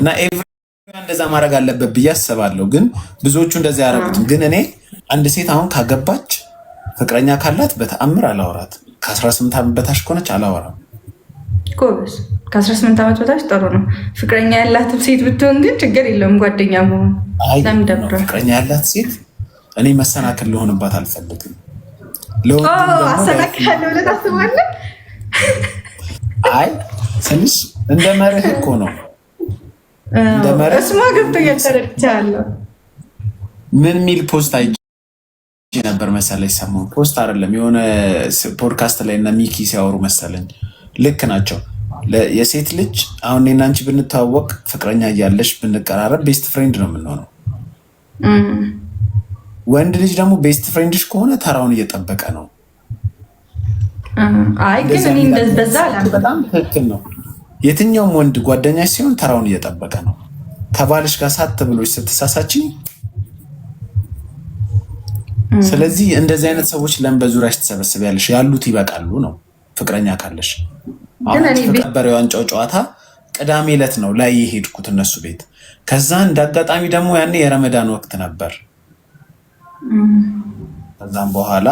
እና እንደዛ ማድረግ አለበት ብዬ አስባለሁ። ግን ብዙዎቹ እንደዚህ ያደረጉትም ግን እኔ አንድ ሴት አሁን ካገባች ፍቅረኛ ካላት በተአምር አላወራት። ከ18 ዓመት በታች ከሆነች አላወራም። ጎበዝ፣ ከ18 ዓመት በታች ጥሩ ነው። ፍቅረኛ ያላትም ሴት ብትሆን ግን ችግር የለውም። ጓደኛ መሆን ፍቅረኛ ያላት ሴት እኔ መሰናክል ልሆንባት አልፈልግም። አሰናክላለሁ ታስባለህ? አይ ትንሽ እንደ መርህ እኮ ነው ገብቶ ምን ሚል ፖስት አይ ነበር መሰለኝ ሰማሁ። ፖስት አይደለም የሆነ ፖድካስት ላይ እና ሚኪ ሲያወሩ መሰለኝ። ልክ ናቸው። የሴት ልጅ አሁን እኔና አንቺ ብንተዋወቅ ፍቅረኛ እያለሽ ብንቀራረብ ቤስት ፍሬንድ ነው የምንሆነው። ወንድ ልጅ ደግሞ ቤስት ፍሬንድሽ ከሆነ ተራውን እየጠበቀ ነው። አይ ግን እኔ በዛ በጣም ትክክል ነው የትኛውም ወንድ ጓደኛ ሲሆን ተራውን እየጠበቀ ነው። ከባልሽ ጋር ሳት ብሎች ስትሳሳች፣ ስለዚህ እንደዚህ አይነት ሰዎች ለምን በዙሪያሽ ትሰበስቢያለሽ? ያሉት ይበቃሉ ነው ፍቅረኛ ካለሽ። አሁን ተቀበረ ጨዋታ ቅዳሜ ዕለት ነው ላይ የሄድኩት እነሱ ቤት። ከዛ እንደ አጋጣሚ ደግሞ ያኔ የረመዳን ወቅት ነበር። ከዛም በኋላ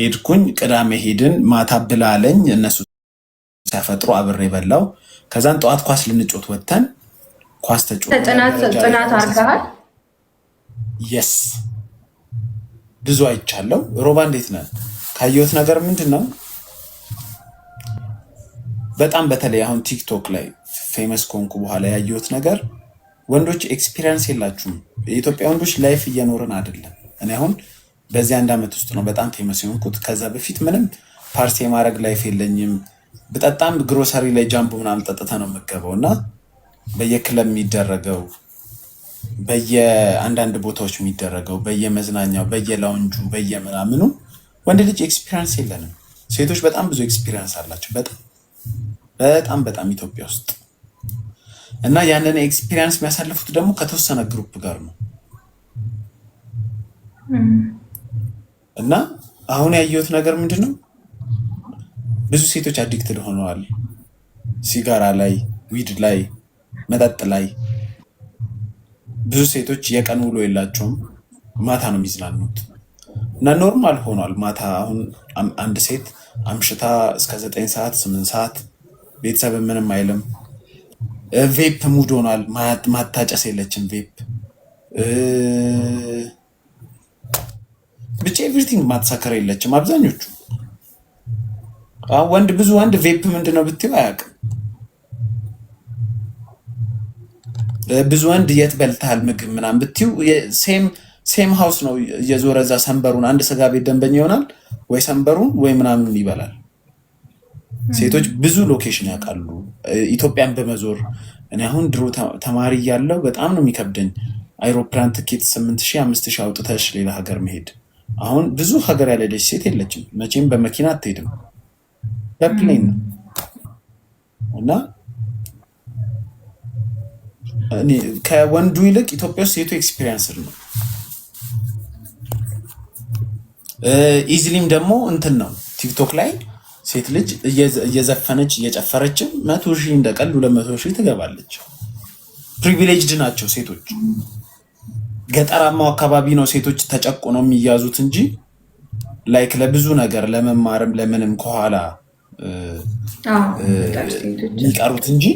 ሄድኩኝ። ቅዳሜ ሄድን። ማታ ብላለኝ እነሱ ተፈጥሮ አብሬ በላው። ከዛን ጠዋት ኳስ ልንጮት ወጥተን ኳስ ተጮጥናት የስ ብዙ አይቻለው። ሮባ እንዴት ነህ? ካየሁት ነገር ምንድን ነው በጣም በተለይ አሁን ቲክቶክ ላይ ፌመስ ኮንኩ በኋላ ያየሁት ነገር ወንዶች ኤክስፒሪየንስ የላችሁም። የኢትዮጵያ ወንዶች ላይፍ እየኖርን አይደለም። እኔ አሁን በዚህ አንድ ዓመት ውስጥ ነው በጣም ፌመስ የሆንኩት። ከዛ በፊት ምንም ፓርቲ የማድረግ ላይፍ የለኝም። በጣም ግሮሰሪ ላይ ጃምቦ ምናምን ጠጥተ ነው የምገበው እና በየክለብ የሚደረገው በየአንዳንድ ቦታዎች የሚደረገው በየመዝናኛው በየላውንጁ በየምናምኑ ወንድ ልጅ ኤክስፒሪንስ የለንም። ሴቶች በጣም ብዙ ኤክስፒሪንስ አላቸው። በጣም በጣም በጣም ኢትዮጵያ ውስጥ እና ያንን ኤክስፒሪንስ የሚያሳልፉት ደግሞ ከተወሰነ ግሩፕ ጋር ነው እና አሁን ያየሁት ነገር ምንድን ነው ብዙ ሴቶች አዲክትድ ሆነዋል። ሲጋራ ላይ፣ ዊድ ላይ፣ መጠጥ ላይ። ብዙ ሴቶች የቀን ውሎ የላቸውም፣ ማታ ነው የሚዝናኑት እና ኖርማል ሆኗል። ማታ አሁን አንድ ሴት አምሽታ እስከ ዘጠኝ ሰዓት ስምንት ሰዓት ቤተሰብ ምንም አይልም። ቬፕ ሙድ ሆኗል። ማታጨስ የለችም ቬፕ ብቻ ኤቭሪቲንግ ማተሳከር የለችም አብዛኞቹ ወንድ ብዙ ወንድ ቬፕ ምንድን ነው ብትይው አያውቅም። ብዙ ወንድ የት በልተሃል ምግብ ምናምን ብትይው ሴም ሴም ሀውስ ነው እየዞረ እዛ ሰንበሩን አንድ ስጋ ቤት ደንበኛ ይሆናል ወይ ሰንበሩን ወይ ምናምን ይበላል። ሴቶች ብዙ ሎኬሽን ያውቃሉ ኢትዮጵያን በመዞር እኔ አሁን ድሮ ተማሪ እያለሁ በጣም ነው የሚከብደኝ አይሮፕላን ትኬት ስምንት ሺህ አምስት ሺህ አውጥተሽ ሌላ ሀገር መሄድ። አሁን ብዙ ሀገር ያልሄደች ሴት የለችም መቼም በመኪና አትሄድም። በፕሌን ነው mm. እና ከወንዱ ይልቅ ኢትዮጵያ ውስጥ ሴቱ ኤክስፒሪየንስድ ነው። ኢዝሊም ደግሞ እንትን ነው ቲክቶክ ላይ ሴት ልጅ እየዘፈነች እየጨፈረችም መቶ ሺህ እንደቀል ሁለት መቶ ሺህ ትገባለች። ፕሪቪሌጅድ ናቸው ሴቶች። ገጠራማው አካባቢ ነው ሴቶች ተጨቁ ነው የሚያዙት እንጂ ላይክ ለብዙ ነገር ለመማርም ለምንም ከኋላ የሚቀሩት እንጂ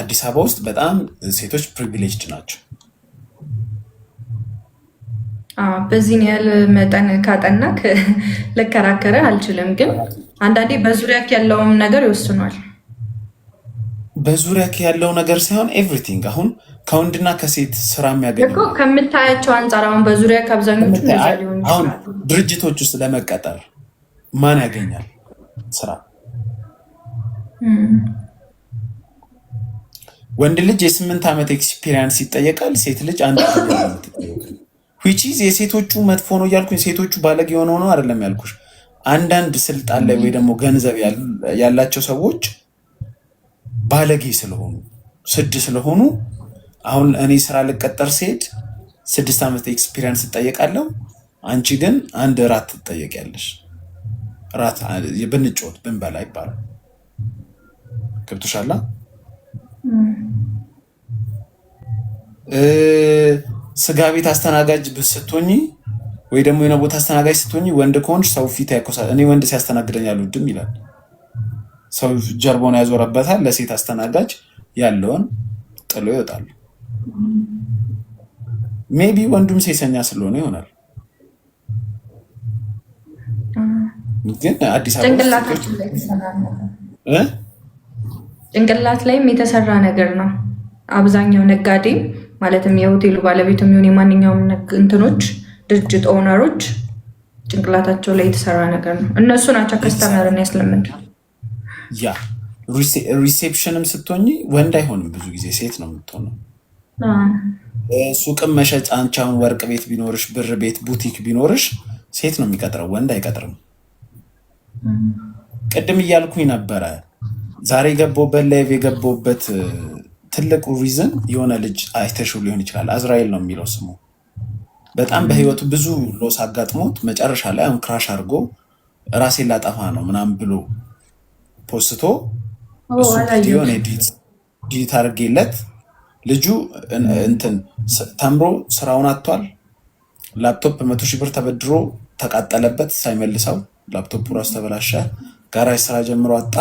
አዲስ አበባ ውስጥ በጣም ሴቶች ፕሪቪሌጅድ ናቸው። በዚህን ያህል መጠን ካጠናክ ልከራከረ አልችልም፣ ግን አንዳንዴ በዙሪያ ያለውም ነገር ይወስኗል። በዙሪያ ያለው ነገር ሳይሆን ኤቭሪቲንግ አሁን ከወንድና ከሴት ስራ የሚያገኝ ከምታያቸው አንጻር አሁን በዙሪያ ከአብዛኞቹ አሁን ድርጅቶች ውስጥ ለመቀጠር ማን ያገኛል ስራ? ወንድ ልጅ የስምንት ዓመት ኤክስፒሪያንስ ይጠየቃል። ሴት ልጅ አንድ ዊች የሴቶቹ መጥፎ ነው እያልኩኝ ሴቶቹ ባለጌ የሆነ ሆነው አይደለም ያልኩሽ። አንዳንድ ስልጣን ላይ ወይ ደግሞ ገንዘብ ያላቸው ሰዎች ባለጌ ስለሆኑ ስድ ስለሆኑ አሁን እኔ ስራ ልቀጠር ስሄድ ስድስት ዓመት ኤክስፒሪያንስ እጠየቃለሁ። አንቺ ግን አንድ እራት ትጠየቂያለሽ። ራት ብንጮት ብንበላ ይባላል። ገብቶሻላ። ስጋ ቤት አስተናጋጅ ስትሆኝ ወይ ደግሞ የሆነ ቦታ አስተናጋጅ ስትሆኝ ወንድ ከሆንሽ ሰው ፊት ያኮሳል። እኔ ወንድ ሲያስተናግደኝ አልወድም ይላል። ሰው ጀርባውን ያዞረበታል። ለሴት አስተናጋጅ ያለውን ጥሎ ይወጣል። ሜቢ ወንዱም ሴሰኛ ስለሆነ ይሆናል። ግን አዲስ ጭንቅላት ላይም የተሰራ ነገር ነው። አብዛኛው ነጋዴም ማለትም የሆቴሉ ባለቤት የሚሆን የማንኛውም እንትኖች ድርጅት ኦነሮች ጭንቅላታቸው ላይ የተሰራ ነገር ነው። እነሱ ናቸው ከስተመርን ያስለምድ። ያ ሪሴፕሽንም ስትሆኝ ወንድ አይሆንም፣ ብዙ ጊዜ ሴት ነው የምትሆነው። ሱቅም መሸጫ ወርቅ ቤት ቢኖርሽ፣ ብር ቤት፣ ቡቲክ ቢኖርሽ ሴት ነው የሚቀጥረው፣ ወንድ አይቀጥርም። ቅድም እያልኩኝ ነበረ። ዛሬ የገባሁበት ላይቭ የገባሁበት ትልቁ ሪዝን የሆነ ልጅ አይተሽው ሊሆን ይችላል። አዝራኤል ነው የሚለው ስሙ። በጣም በህይወቱ ብዙ ሎስ አጋጥሞት መጨረሻ ላይ አሁን ክራሽ አድርጎ ራሴን ላጠፋ ነው ምናም ብሎ ፖስቶ ሆነ ዲጂት አድርጌለት ልጁ እንትን ተምሮ ስራውን አጥቷል። ላፕቶፕ መቶ ሺህ ብር ተበድሮ ተቃጠለበት ሳይመልሰው ላፕቶፑ ራሱ ተበላሸ። ጋራጅ ስራ ጀምሮ አጣ።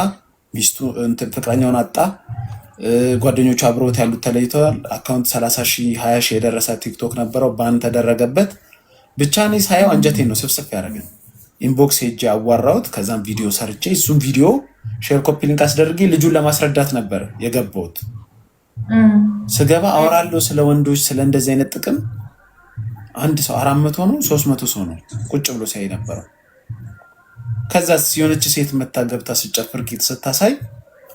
ሚስቱ ፍቅረኛውን አጣ። ጓደኞቹ አብረውት ያሉት ተለይተዋል። አካውንት 30 ሺ 20 ሺ የደረሰ ቲክቶክ ነበረው ባን ተደረገበት። ብቻ እኔ ሳየው አንጀቴን ነው ስብስብ ያደረገን። ኢንቦክስ ሄጄ አዋራሁት። ከዛም ቪዲዮ ሰርቼ እሱም ቪዲዮ ሼር ኮፒ ሊንክ አስደርጌ ልጁን ለማስረዳት ነበር የገባሁት። ስገባ አወራለሁ ስለ ወንዶች ስለ እንደዚህ አይነት ጥቅም አንድ ሰው አራት መቶ ነው ሶስት መቶ ሰው ነው ቁጭ ብሎ ሲያይ ነበረው። ከዛ የሆነች ሴት መታ ገብታ ስጨፍር ጌጥ ስታሳይ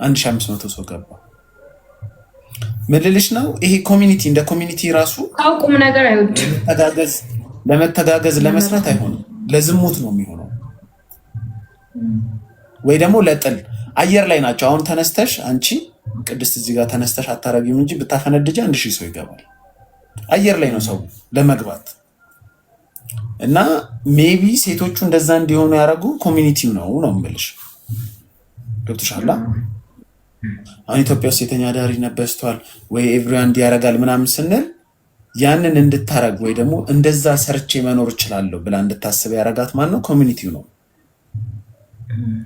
1500 ሰው ገባ። ምልልሽ ነው ይሄ ኮሚኒቲ እንደ ኮሚኒቲ ራሱ ቁም ነገር ለመተጋገዝ ለመስራት አይሆንም፣ ለዝሙት ነው የሚሆነው ወይ ደግሞ ለጥል አየር ላይ ናቸው። አሁን ተነስተሽ አንቺ ቅድስት እዚህ ጋር ተነስተሽ አታረጊም እንጂ ብታፈነድጅ አንድ ሺህ ሰው ይገባል። አየር ላይ ነው ሰው ለመግባት እና ሜቢ ሴቶቹ እንደዛ እንዲሆኑ ያደረጉ ኮሚኒቲው ነው ነው የምልሽ። ገብቶሻል? አሁን ኢትዮጵያ ውስጥ ሴተኛ አዳሪነት በዝቷል ወይ ኤቭሪዋን እንዲያረጋል ምናምን ስንል ያንን እንድታረግ ወይ ደግሞ እንደዛ ሰርቼ መኖር እችላለሁ ብላ እንድታስብ ያረጋት ማን ነው? ኮሚኒቲው ነው።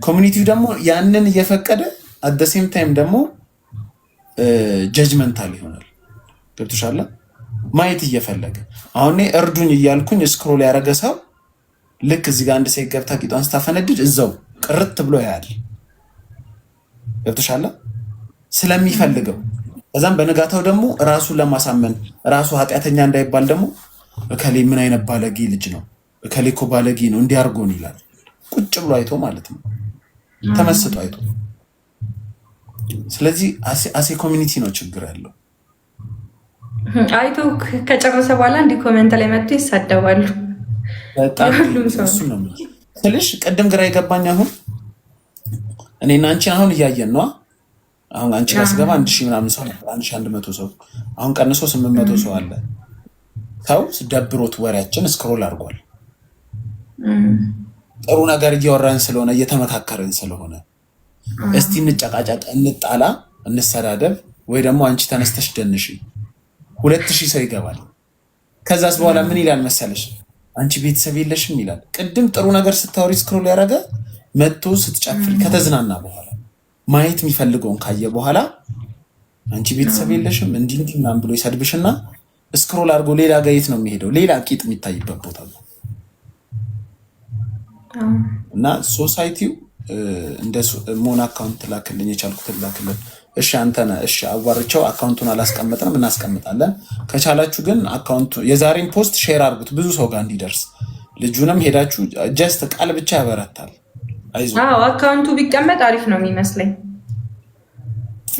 ኮሚኒቲው ደግሞ ያንን እየፈቀደ አደሴም ታይም ደግሞ ጀጅመንታል ይሆናል። ገብቶሻል? ማየት እየፈለገ አሁን እርዱኝ እያልኩኝ ስክሮል ያደረገ ሰው ልክ እዚህ ጋር አንድ ሴት ገብታ ጌጧን ስታፈነድድ እዛው ቅርት ብሎ ያያል። ገብቶሻል ስለሚፈልገው ከዛም በንጋታው ደግሞ ራሱ ለማሳመን ራሱ ኃጢአተኛ እንዳይባል ደግሞ እከሌ ምን አይነት ባለጌ ልጅ ነው፣ እከሌ እኮ ባለጌ ነው እንዲያርጎን ይላል። ቁጭ ብሎ አይቶ ማለት ነው፣ ተመስጦ አይቶ። ስለዚህ አሴ ኮሚኒቲ ነው ችግር ያለው። አይቶ ከጨረሰ በኋላ እንዲህ ኮመንት ላይ መጥቶ ይሳደባሉ። በጣም ቅድም ግራ የገባኝ አሁን እኔና አንቺን አሁን እያየን ነዋ። አሁን አንቺ ጋር ስገባ አንድ ሺህ ምናምን ሰው አንድ ሺህ አንድ መቶ ሰው አሁን ቀንሶ ስምንት መቶ ሰው አለ። ሰው ደብሮት ወሬያችን እስክሮል አድርጓል። ጥሩ ነገር እያወራን ስለሆነ እየተመካከርን ስለሆነ እስቲ እንጨቃጨቅ፣ እንጣላ፣ እንሰዳደብ ወይ ደግሞ አንቺ ተነስተሽ ደንሽ ሁለት ሺህ ሰው ይገባል። ከዛስ በኋላ ምን ይላል መሰለሽ? አንቺ ቤተሰብ የለሽም ይላል። ቅድም ጥሩ ነገር ስታወሪ ስክሮል ያደረገ መጥቶ ስትጨፍሪ ከተዝናና በኋላ ማየት የሚፈልገውን ካየ በኋላ አንቺ ቤተሰብ የለሽም እንዲህ እንዲህ ምናምን ብሎ ይሰድብሽና ስክሮል አድርጎ ሌላ ጋየት ነው የሚሄደው። ሌላ ቂጥ የሚታይበት ቦታ ነው እና ሶሳይቲው እንደ ሞን አካውንት ላክልኝ የቻልኩትን ላክልን እሺ አንተነ እሺ አዋርቸው አካውንቱን አላስቀምጥንም፣ እናስቀምጣለን። ከቻላችሁ ግን አካውንቱ የዛሬን ፖስት ሼር አድርጉት ብዙ ሰው ጋር እንዲደርስ። ልጁንም ሄዳችሁ ጀስት ቃል ብቻ ያበረታል። አይዞህ አካውንቱ ቢቀመጥ አሪፍ ነው የሚመስለኝ።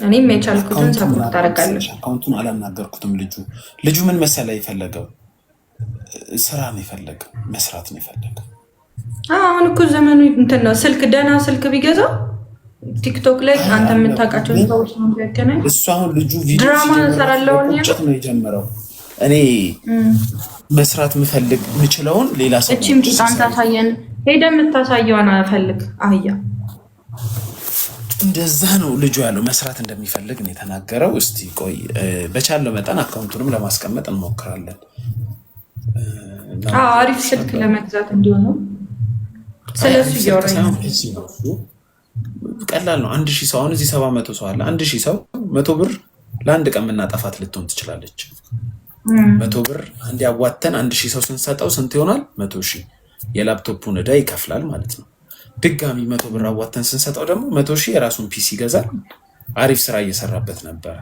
እኔም የቻልኩትን ሰፖርት ታደርጋለች። አካውንቱን አላናገርኩትም። ልጁ ልጁ ምን መሰለ የፈለገው ስራ ነው የፈለገው መስራት ነው የፈለገው። አሁን እኮ ዘመኑ እንትን ነው ስልክ ደህና ስልክ ቢገዛው ቲክቶክ ላይ አንተ የምታውቃቸውን ሰዎች ነው ያገናኝ። እሱ አሁን ልጁ ድራማ እንሰራለሁ ቁጭት ነው የጀመረው። እኔ መስራት ምፈልግ የምችለውን ሌላ ሰው እቺም ጣን ታሳየን ሄደ የምታሳየዋን አፈልግ አህያ እንደዛ ነው ልጁ ያለው መስራት እንደሚፈልግ ነው የተናገረው። እስቲ ቆይ በቻለው መጠን አካውንቱንም ለማስቀመጥ እንሞክራለን። አሪፍ ስልክ ለመግዛት እንዲሆነው ስለሱ እያወራኝ ነው ቀላል ነው። አንድ ሺህ ሰው አሁን እዚህ ሰባ መቶ ሰው አለ። አንድ ሺህ ሰው መቶ ብር ለአንድ ቀን የምናጠፋት ልትሆን ትችላለች። መቶ ብር አንድ ያዋተን አንድ ሺህ ሰው ስንሰጠው ስንት ይሆናል? መቶ ሺህ የላፕቶፑን ዕዳ ይከፍላል ማለት ነው። ድጋሚ መቶ ብር አዋተን ስንሰጠው ደግሞ መቶ ሺህ የራሱን ፒሲ ይገዛል። አሪፍ ስራ እየሰራበት ነበረ፣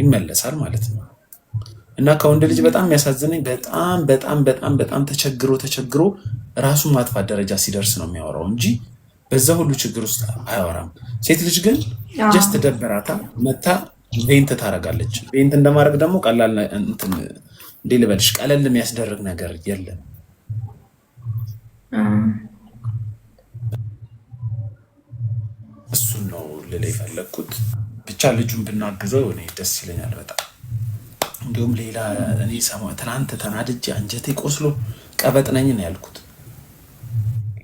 ይመለሳል ማለት ነው። እና ከወንድ ልጅ በጣም የሚያሳዝነኝ በጣም በጣም በጣም በጣም ተቸግሮ ተቸግሮ ራሱን ማጥፋት ደረጃ ሲደርስ ነው የሚያወራው እንጂ በዛ ሁሉ ችግር ውስጥ አያወራም። ሴት ልጅ ግን ጀስት ደበራታ መታ ቬንት ታረጋለች። ቬንት እንደማድረግ ደግሞ ቀላል እንዴ ልበልሽ፣ ቀለል የሚያስደርግ ነገር የለም። እሱን ነው ልል የፈለግኩት። ብቻ ልጁን ብናግዘው እኔ ደስ ይለኛል በጣም እንዲሁም ሌላ እኔ ትናንት ተናድጄ አንጀቴ ቆስሎ ቀበጥ ነኝ ነው ያልኩት።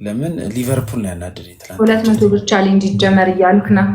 ለምን ሊቨርፑል ነው ያናደደኝ። ሁለት መቶ ብቻ ቻሌንጅ ይጀመር እያልክ ነው